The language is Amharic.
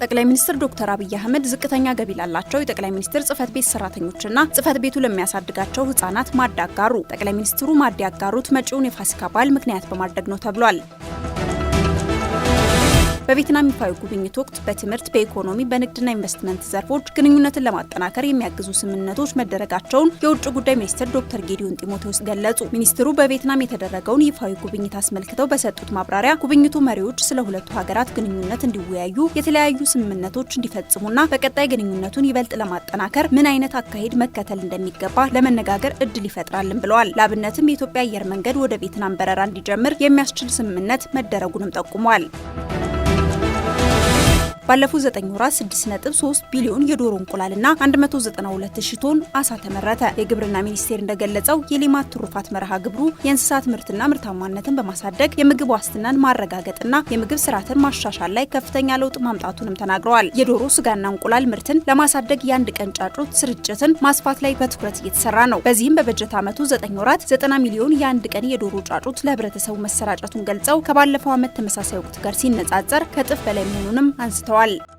ጠቅላይ ሚኒስትር ዶክተር አብይ አህመድ ዝቅተኛ ገቢ ላላቸው የጠቅላይ ሚኒስትር ጽህፈት ቤት ሰራተኞችና ጽህፈት ቤቱ ለሚያሳድጋቸው ህጻናት ማድ አጋሩ። ጠቅላይ ሚኒስትሩ ማድ ያጋሩት መጪውን የፋሲካ በዓል ምክንያት በማድረግ ነው ተብሏል። በቬትናም ይፋዊ ጉብኝት ወቅት በትምህርት፣ በኢኮኖሚ፣ በንግድና ኢንቨስትመንት ዘርፎች ግንኙነትን ለማጠናከር የሚያግዙ ስምምነቶች መደረጋቸውን የውጭ ጉዳይ ሚኒስትር ዶክተር ጌዲዮን ጢሞቴዎስ ገለጹ። ሚኒስትሩ በቬትናም የተደረገውን ይፋዊ ጉብኝት አስመልክተው በሰጡት ማብራሪያ ጉብኝቱ መሪዎች ስለ ሁለቱ ሀገራት ግንኙነት እንዲወያዩ የተለያዩ ስምምነቶች እንዲፈጽሙና በቀጣይ ግንኙነቱን ይበልጥ ለማጠናከር ምን አይነት አካሄድ መከተል እንደሚገባ ለመነጋገር እድል ይፈጥራልን ብለዋል። ለአብነትም የኢትዮጵያ አየር መንገድ ወደ ቤትናም በረራ እንዲጀምር የሚያስችል ስምምነት መደረጉንም ጠቁሟል። ባለፉት 9 ወራት 6.3 ቢሊዮን የዶሮ እንቁላልና 192 ሺህ ቶን አሳ ተመረተ። የግብርና ሚኒስቴር እንደገለጸው የሌማት ትሩፋት መርሃ ግብሩ የእንስሳት ምርትና ምርታማነትን በማሳደግ የምግብ ዋስትናን ማረጋገጥና የምግብ ስርዓትን ማሻሻል ላይ ከፍተኛ ለውጥ ማምጣቱንም ተናግረዋል። የዶሮ ስጋና እንቁላል ምርትን ለማሳደግ የአንድ ቀን ጫጩት ስርጭትን ማስፋት ላይ በትኩረት እየተሰራ ነው። በዚህም በበጀት ዓመቱ 9 ወራት 90 ሚሊዮን የአንድ ቀን የዶሮ ጫጩት ለህብረተሰቡ መሰራጨቱን ገልጸው ከባለፈው ዓመት ተመሳሳይ ወቅት ጋር ሲነጻጸር ከጥፍ በላይ መሆኑንም አንስተዋል። al